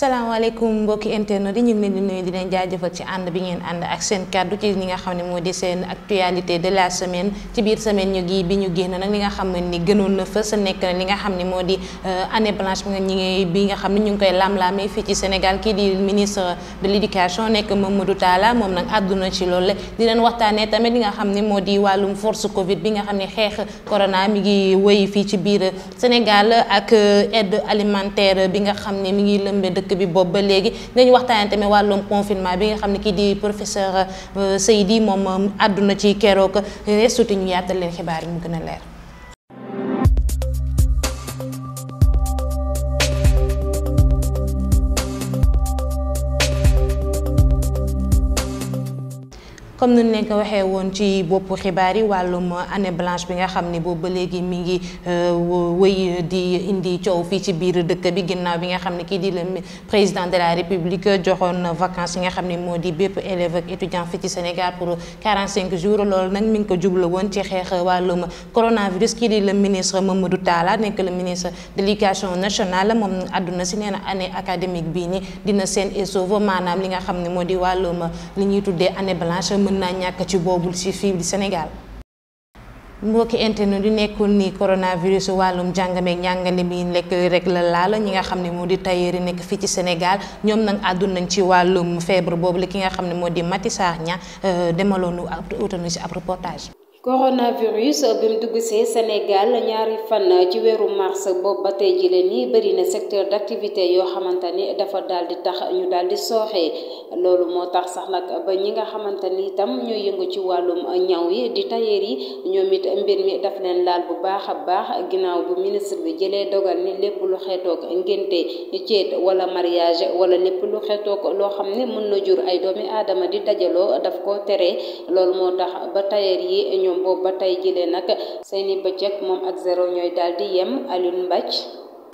salaamaaleykum mbokki internet yi ñu ngi leen di nuyu di leen ci ànd bi ngeen ànd ak seen kàddu ci li nga xam ne moo di seen actualité de la semaine ci biir semaine ñu gi bi ñu génn nag li nga xam ne ni gënoon na nekk na nga xam ne moo di euh, année blanche bi nga ñi ngi nga xam ne ñu ngi koy lam-laamee fii ci Sénégal kii di ministre de l'éducation nekk Mamadou Talla moom nag àdduna ci loolu la di leen waxtaanee tamit li nga xam ne moo di wàllum force Covid bi nga xam ne xeex corona mi ngi wéy fii ci biir Sénégal ak euh, aide alimentaire bi nga xam ne mi ngi lëmbe dëkk dëkk bi boobu ba léegi dañu waxtaanee tamit wàllum confinement bi nga xam ne kii di professeur euh, Seydi moom euh, àdduna ci keroog restuti ñu yaatal leen xibaar yi mu gën a leer comme ni ñu leen ko waxee woon ci boppu xibaar yi wàllum année blanche bi nga xam ne boobu ba léegi mi ngi euh, wëy di indi coow fii ci biir dëkk bi ginnaaw bi nga xam ne kii di le président de la république joxoon vacances yi nga xam ne moo di bépp élève ak étudiant fii ci Sénégal pour 45 jours loolu nag mi ngi ko jublu woon ci xeex wàllum coronavirus kii di le ministre du Talla nekk le ministre de l'éducation nationale moom àdduna si nee na année académique bii ni dina seen et li nga xam ne moo di wàllum li ñuy tuddee année naa ñàkk ci boobu ci fii di Sénégal mbokki internet di nekkul ni coronavirus wàllum jàngameeg njàngale mi lekk rek la laala ñi nga xam ne moo di tailleur nekk fii ci Sénégal ñoom nag àddun nañ ci wàllum feebar boobu la ki nga xam ne moo di Mati Sarr ña euh, demaloonu ab utanu ci ab coronavirus bi mu dugg see Sénégal ñaari fan uh, ci wéru mars boobu ba tey jii la nii bëri na secteur d' activité yoo xamante ni dafa daal di tax ñu daal di sooxee loolu moo tax sax nag ba ñi nga xamante ni itam yëngu ci wàllum ñaw yi di tailleur yi ñoom it mbir mi daf leen laal bu baax a baax ginnaaw bu ministre bi jëlee dogal ni lépp lu xeetoog ngénte ceet wala mariage wala lépp lu xeetoog loo xam ne mën na jur ay doomi aadama di dajaloo daf ko tere loolu moo tax ba tailleur yi ñoom ba tey jëlee nag seeni bëccëg moom ak zéro ñooy daal yem Alioune Mbathie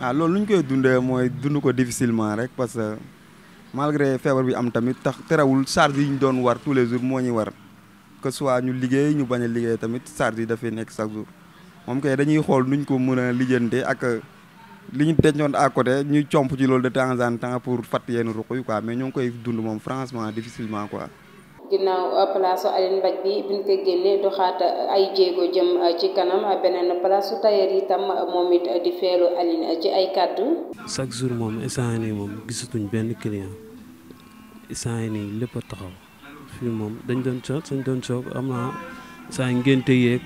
ah loolu lu ñu koy dundee mooy dund ko difficilement rek parce que malgré feebar bi am tamit tax terewul charge yi ñu doon war tous les jours moo ñuy war que soit ñu liggéey ñu bañ a liggéey tamit charge yi dafay nekk chaque jour moom kay dañuy xool nu ñu ko mën a ak li ñu dencoon à côté ñuy comp ci loolu de temps en temps pour fàtt yenn ruq yi quoi mais ñoo ngi koy dund moom franchement difficilement quoi ginnaaw euh, place Aline Mbaj bi biñ ko génnee doxaat euh, ay jéego jëm euh, ci kanam beneen place tailleur yi tam moom it di feelu Aline ci ay kàddu. chaque jour moom instant nii benn client instant nii lépp a taxaw fii moom dañ doon soog dañ doon soog am na saa ngénte yeeg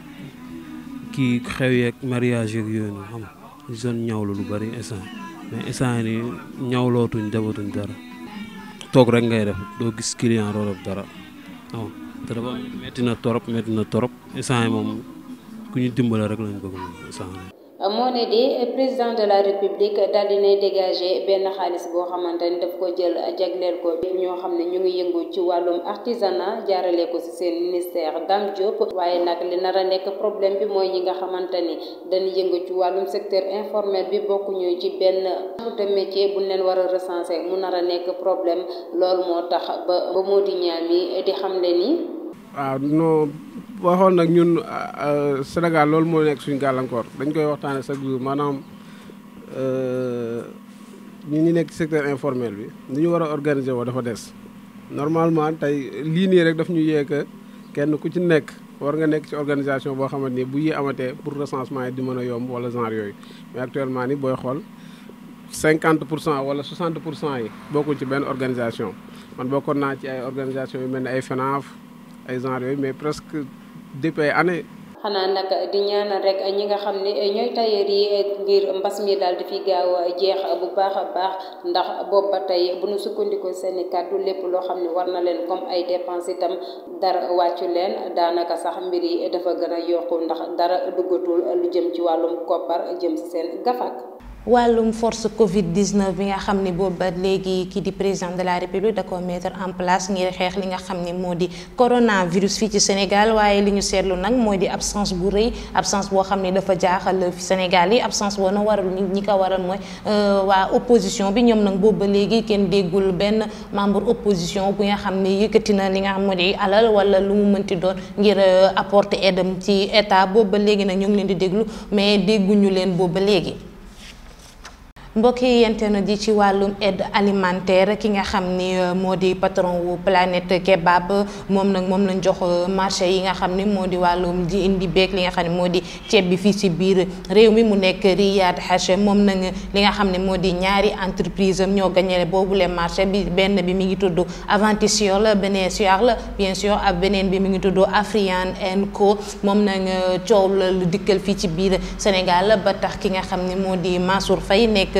kii xew yeeg mariage yeeg yooyu noonu xam nga ñawlu lu bari instant mais instant nii ñawlootuñ defatuñ dara toog rek ngay def doo gis client doo dara. waaw oh, vraiment métti na torop métti na torop instant moom ku ñu dimbale rek lañ bëgg moom instant moo ne di président de la république daal di nay dégager benn xaalis boo xamante ni daf ko jël jagleel ko ñoo xam ne ñu ngi yëngu ci wàllum artisanat jaarale ko ci seen ministère Dame Diop waaye nag li nar a nekk problème bi mooy ñi nga xamante ni dañuy yëngu ci wàllum secteur informel bi bokkuñu ci benn de métier buñ leen war a recenser mu nar a nekk problème loolu moo tax ba ba moo di ñaami di xam le ni. waaw ah, non. waxoon nag ñun euh, euh, Sénégal loolu moo nekk suñu gàllankoor dañ koy waxtaane chaque jour maanaam ñu euh, ñu nekk secteur informel bi nu ñu war a organiser woo dafa des normalement tey lii nii rek daf ñu yee kenn ku ci nekk war nga nekk ci organisation boo xamante ni bu yi amatee pour recensement yi di mën a yomb wala genre yooyu mais actuellement ni booy xol cinquante pour cent wala soixante pour cent yi bokkul ci benn organisation man bokkoon naa ci ay organisation yu mel ni ay FENAF ay genre mais presque depuis année. xanaa nag di ñaanal rekk ñi nga xam ne ñooy tailleur yi ngir mbas mi daal di fi gaaw a jeex bu baax a baax ndax boobu ba tey bu ñu sukkandiku seeni i kàddu lépp loo xam ni war na leen comme ay dépenses itam dara wàccu leen daanaka sax mbir yi dafa gën a yokku ndax dara duggatul lu jëm ci wàllum koppar jëm ci seen gafak. walum force Covid 19 bi nga xam bobu boobu ki di président de la république da ko mettre en place ngir xex li nga xam modi coronavirus fi ci Sénégal waye liñu ñu nak modi absence bu reuy absence bo xam dafa jaaxal fi Sénégal yi absence bo na waral ñi ka waral mooy euh, wa opposition bi ñom nak bobu ba ken kenn ben membre opposition bu nga xam ni na li nga xam moo alal wala lu mu mënti doon ngir euh, apporter aide ci état bobu ba nak ñu ngi leen di déglu mais dégguñu leen bobu ba mbokk yi internet yi ci wàllum aide alimentaire ki nga xam ni euh, moo di patron wu Planète Kebab moom nag moom lañ jox euh, marché yi nga xam ni moo di wàllum di indi beeg li nga xam ne moo di ceeb bi fii ci biir réew mi mu nekk Riyad Hachem moom nag li nga xam ne moo di ñaari entreprise am ñoo boobu leen marché bi benn bi mi ngi tudd Aventisol Benesiar la bien sûr ak beneen bi mi ngi tudd Afrian and Co moom nag euh, coow la lu dikkal fii ci biir Sénégal ba tax ki nga xam ne moo di Mansour fay nekk.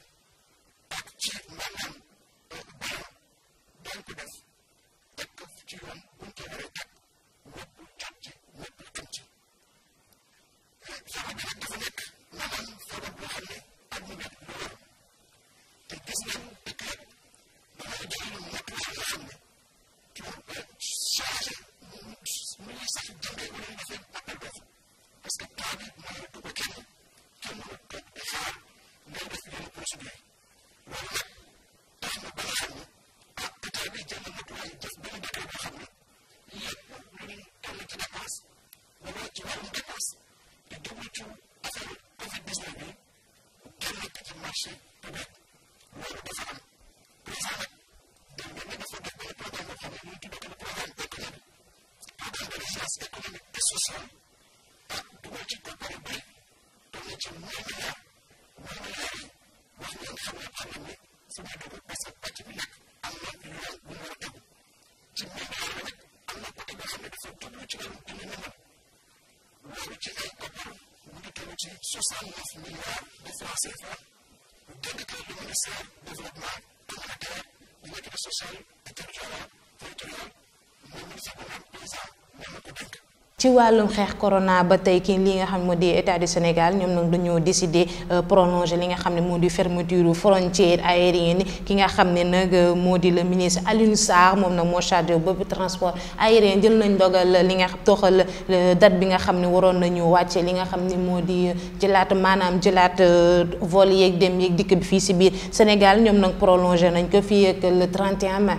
ceeb maanaam banque def teg ci yoon buñ kesusahan tak diwajibkan pada baik dengan jumlahnya melalui wahyu sama alami sebagai pasal pajimilah Allah yang mengerti jumlah alami Allah pada bahasa dasar tubuh jangan diminum lalu jika koper begitu uji susah nas miliar di filsafat jadi kalau di Malaysia development pengadaran dinamika sosial territorial territorial memerlukan perusahaan yang berkembang ci walum xex corona ba tay ki li nga xam modi état du Sénégal ñom nak dañu décider euh, prolonger li nga xam modi fermeture frontière aérienne ki nga xam nak euh, modi le ministre Alioune sar mom nak mo chargé bépp transport aérien jël nañ dogal li nga toxal date bi nga xam waron nañu wacce li nga xam modi moo manam euh, jëlaat vol yeeg dem yeeg dikk bi fi ci biir Sénégal ñom nak prolonger nañ ko fi ak le 31 mai.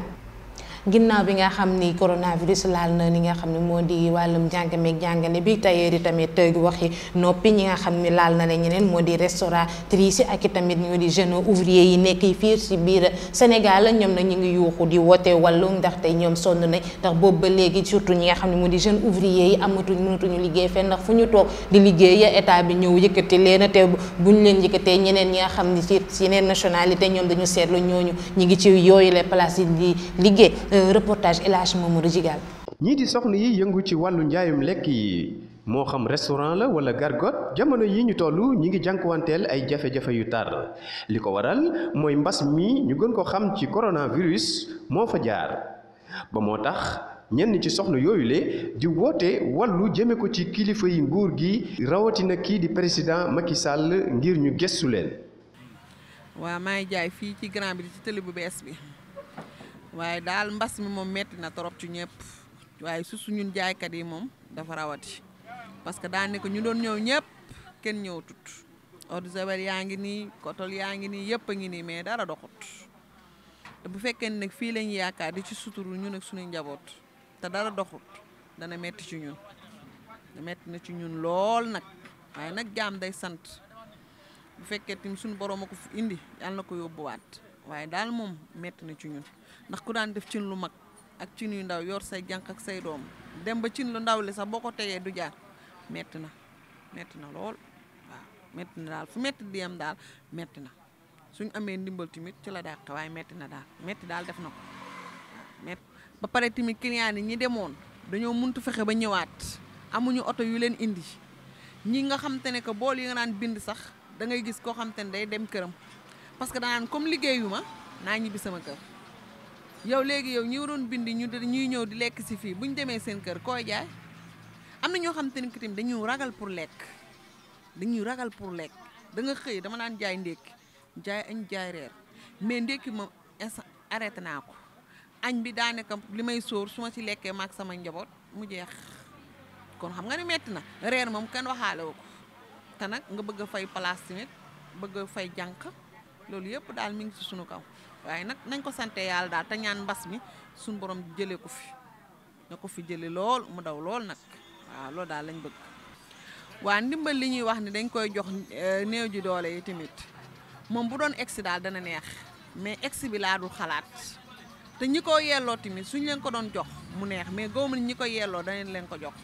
ginnaaw bi nga xam ni coronavirus laal na li nga xam ne moo di wàllum njàng meeg bi tailleur yi tamit waxi noppi ñi nga xam ni laal na la ñeneen moo di restauratrice yi ak tamit di jeunes ouvriers yi nekk fii si biir Sénégal ñoom nag ñu ngi yuuxu di wote woote ndax te ñoom sonn nañ ndax boobu ba léegi surtout ñi nga xam ne moo di jeune ouvrier yi amatuñ mënatuñu liggéey fenn ndax fu ñu toog di liggéey état bi ñëw yëkkati leen te ñu leen yëkkatee ñeneen ñi nga xam ni ci yeneen nationalité ñoom dañu seetlu ñooñu ñi ngi ci yooyu les places yi di liggéey Euh, reportage Elhaj Mamadou Djigal ñi di soxna yi yëngu ci wàllu njaayum lekk yi mo xam restaurant la wala gargot, jamono yi ñu tollu ñi ngi jànkuwanteel ay jafé jafé yu tar liko waral moy mbass mi ñu gën ko xam ci coronavirus mo fa jaar ba motax ñenn ci soxna yoyu le di woote walu jëme ko ci kilifa yi nguur gi na ki di président Macky Sall ngir ñu gëstu leen waa maay jaay fi ci grand bi ci télé bu bees bi waaye daal mbas mi moom metti na trop ci ñëpp waaye su suñu jaaykat yi moom dafa rawati parce que nekk ñu doon ñëw ñëpp kenn ñëw tut yaa ngi nii kotol yaa ngi nii yëpp a ngi nii mais dara doxut te bu fekkee ne fii lañ yaakaar di ci suturu ñu nag suñu njaboot te dara doxut dana metti ci ñun metti na ci ñun lool nag waaye nag jaam day sant bu fekkee tim suñu borom a ko fi indi yàlla na ko yóbbuwaat waaye daal moom metti na ci ñun ndax ku daan def cin lu mag ak cin yu ndaw yor say jànq ak say doom dem ba cin lu ndaw li sax boo ko tegee du jaar metti na metti na lool waaw metti na daal fu metti di daal metti na suñ amee ndimbal tamit ci la dàq waaye metti na daal metti daal def na ko metti ba pare tamit client yi ñi demoon dañoo muntu fexe ba ñëwaat amuñu oto yu leen indi ñii nga xam te ne que bool yi nga daan bind sax dangay gis koo xam te ne day dem këram parce que danaan comme liggéeyu ma naa ñibbi sama kër yow léegi yow ñi waroon bind ñu ñuy ñëw di lekk si fii bu ñu demee seen kër koy jaay am na ñoo xam te ne tamit dañu ragal pour lekk dañuy ragal pour lekk da nga xëy dama daan jaay ndékki jaay añ jaay reer mais ndékki moom instant arrêté naa ko añ bi daanaka li may sóor su ma ci lekkee maag sama njaboot mu jeex kon xam nga ni metti na reer moom kenn waxaale wu ko te nag nga bëgg a fay place bëgg a fay jànq loolu yëpp daal mi ngi ci sunu kaw waaye nag nañ ko sante yàlla daal te ñaan mbas mi sunu borom jëlee ko fi na ko fi jëlee lool mu daw lool nag waaw loolu daal lañ bëgg. waa ndimbal li ñuy wax ni dañ koy jox eh, néew ji doole yi tamit moom bu doon exi daal dana neex mais exi bi laa dul xalaat te ñi ko yelloo tamit suñ leen ko doon jox mu neex mais góobu ñi ko yelloo danañ leen ko jox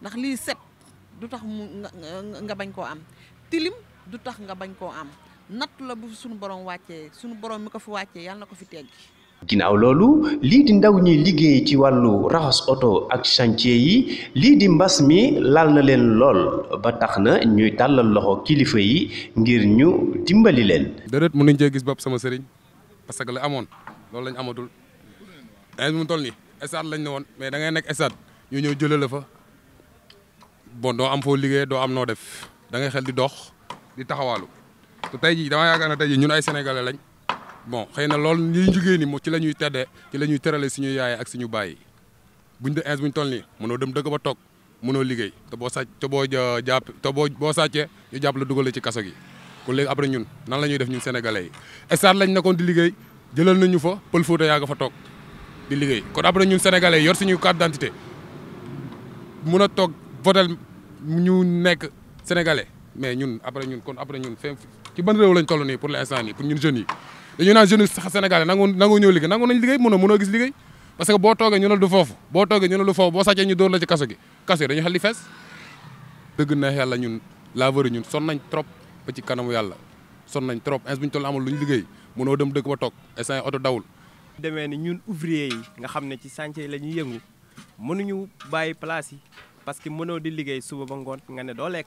ndax lii set du tax mu nga bañ koo am tilim du tax nga bañ koo am. natt la bu suñu borom wàccee suñu borom mi ko fi wàccee yàlla na ko fi tegg ginnaaw loolu lii di ndaw ñi liggéey ci wàllu raxas oto ak chantier yi lii di mbas mi laal na leen lool ba tax na ñuy tàllal loxo kilifa yi ngir ñu dimbali leen. déedéet mënuñ cee gis bopp sama sëriñ parce que la amoon loolu lañ amatul ay mu toll nii estade lañ ne woon mais dangay ngay nekk estade ñu ñëw jëlee fa bon doo am foo liggéey doo am noo def dangay ngay xel di dox di taxawaalu. te tey jii dama yaakaar ne tey ñun ay sénégalais lañ bon xëy na lool li ñu jugee moo ci la ñuy teddee ci la ñuy tërale suñu yaay ak suñu baay buñ de ins buñ toll nii mënoo dem dëgg ba toog mënoo liggéey te boo sàcc te boo jàpp te boo boo sàccee ñu jàpp la dugal ci kaso gi kon léegi après ñun nan la ñuy def ñun sénégalais yi stade lañ nekkoon di liggéey jëlal nañu fo pël Fuuta yaa nga fa toog di liggéey kon après ñun sénégalais yor suñu carte d'identité mun a toog votel ñu nekk sénégalais mais ñun après ñun kon après ñun ci ban rew lañ toll nii pour l'instant ni pour ñun jeune yi dañu naan jeunes yi sénégalais nangoo nangoo ñëw liggéey nangoo nañ liggéey mëno mëno gis liggéey parce que bo togué ñu la du fofu bo togué ñu la du fofu bo saccé ñu door la ci kasso gi kasso dañu xali fess deug na yalla ñun laveur ñun son nañ trop ba ci kanamu yalla son nañ trop ins buñ tollu amul luñ ñu mëno dem deug ba tok instant auto dawul démé ni ñun ouvrier yi nga xamné ci chantier lañu ñuy yëngu mënuñu bayyi place yi parce que mëno di liggéey suba ba ngon nga né do lek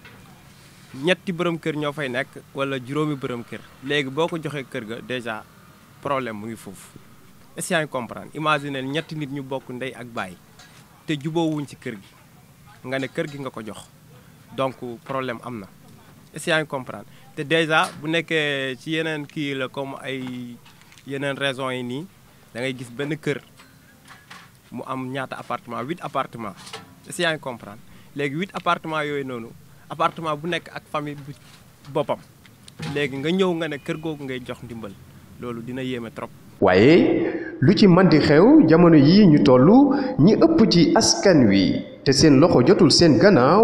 ñetti borom kër ñoo fay nekk wala juróomi borom kër léegi boo ko joxee kër ga déjà problème mu ngi foofu est-ce que comprendre imaginer ñetti nit ñu bokk ndey ak baay te juboowuñ ci kër gi nga ne kër gi nga ko jox donc problème am na est-ce que comprendre te déjà bu nekkee ci yeneen kii la comme ay yeneen raison yi nii da ngay gis benn kër mu am ñaata appartement huit appartement est-ce que comprendre léegi huit appartement yooyu noonu appartement bu nekk ak famille bu boppam léegi nga ñëw nga ne kër googu ngay jox ndimbal loolu dina yéeme trop. waaye lu ci man di xew jamono yi ñu tollu ñi ëpp ci askan wi te seen loxo jotul seen gannaaw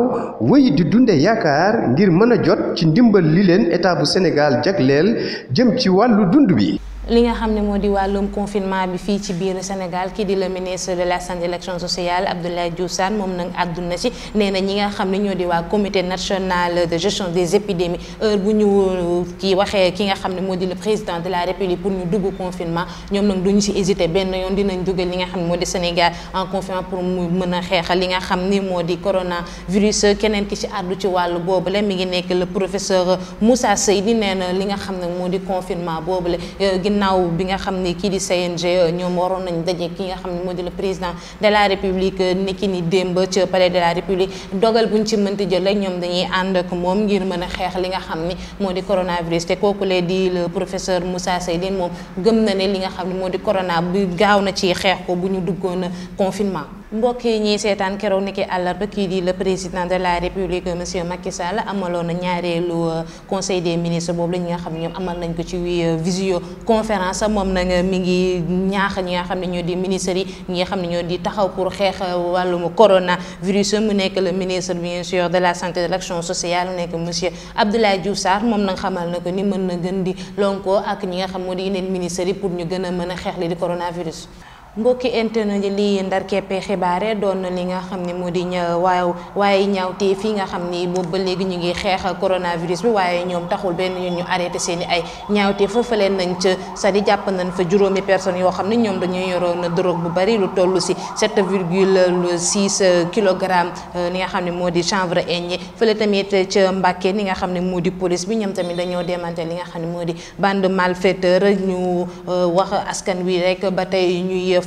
wéy di dunde yaakaar ngir mën a jot ci ndimbal li leen état bu Sénégal jagleel jëm ci wàllu dund bi. li nga xam modi walum confinement bi fi ci biir Sénégal ki di le ministre de la santé élection sociale Abdoulaye Diouf mom nak aduna ci néna ñi nga xam ñoo di wa comité national de gestion des épidémies heure bu ñu ki waxee ki nga xam modi di le président de la république pour ñu dugg confinement ñoom nag duñu si ben benn yoon dinañ duggal li nga xam modi di Sénégal en confinement pour mu mën a li nga xam modi di coronavirus keneen ki ci àddu ci bobu boobule mi ngi nekk le professeur Moussa Seydi néna li nga xam modi confinement di confinement euh, naaw bi nga xam ne kii di CNG ñoom waroon nañ daje ki nga xam ne moo di la président de la république ki ni démb ci de la république dogal buñ ci mënti jël rek ñoom dañuy ànd ak moom ngir mën a xeex li nga xam ni moo di coronavirus te kooku lee di le professeur Moussa Seydine moom gëm na ne li nga xam ne moo di corona bi gaaw na ci xeex ko bu ñu duggoon confinement mbokk yi ñuy seetaan keroog niki àllarba kii di le président de la république monsieur Macky Sall amaloon na ñaareelu euh, conseil des ministres boobu la ñi nga xam ne ñoom amal nañ ko ci euh, visio conférence moom nag euh, mi ngi ñaax ñi nga xam ne ñoo di ministres yi ñi nga xam ne ñoo di taxaw pour xeex wàllum coronavirus mu nekk le ministre bien sûr de la santé de l' action sociale mu nekk monsieur Abdoulaye Diouf Sarr moom nag xamal na ko ni mën na gën di lonkoo ak ñi nga xam moo di yeneen ministres yi pour ñu gën a mën a xeex li di coronavirus. mbokki internet yi lii ndar keppee xibaare doon na li nga xam ne moo di ña waaw waaye ñaawtee fii nga xam ni boobu ba léegi ñu ngi xeex a coronavirus bi waaye ñoom taxul benn yoon ñu arrêté seen i ay ñaawtee foofa leen nañ ca c'est-à-dire jàpp nañ fa juróomi personnes yoo xam ne ñoom dañuy yoroon drogue bu bari lu toll si 7 virgule 6 kilogramme euh, li nga xam ne moo di chanvre aigné fële tamit ca Mbàkke li nga xam ne moo di police bi ñoom tamit dañoo démanté li nga xam ne moo di bande malfaiteur ñu euh, wax askan wi rek ba tey ñuy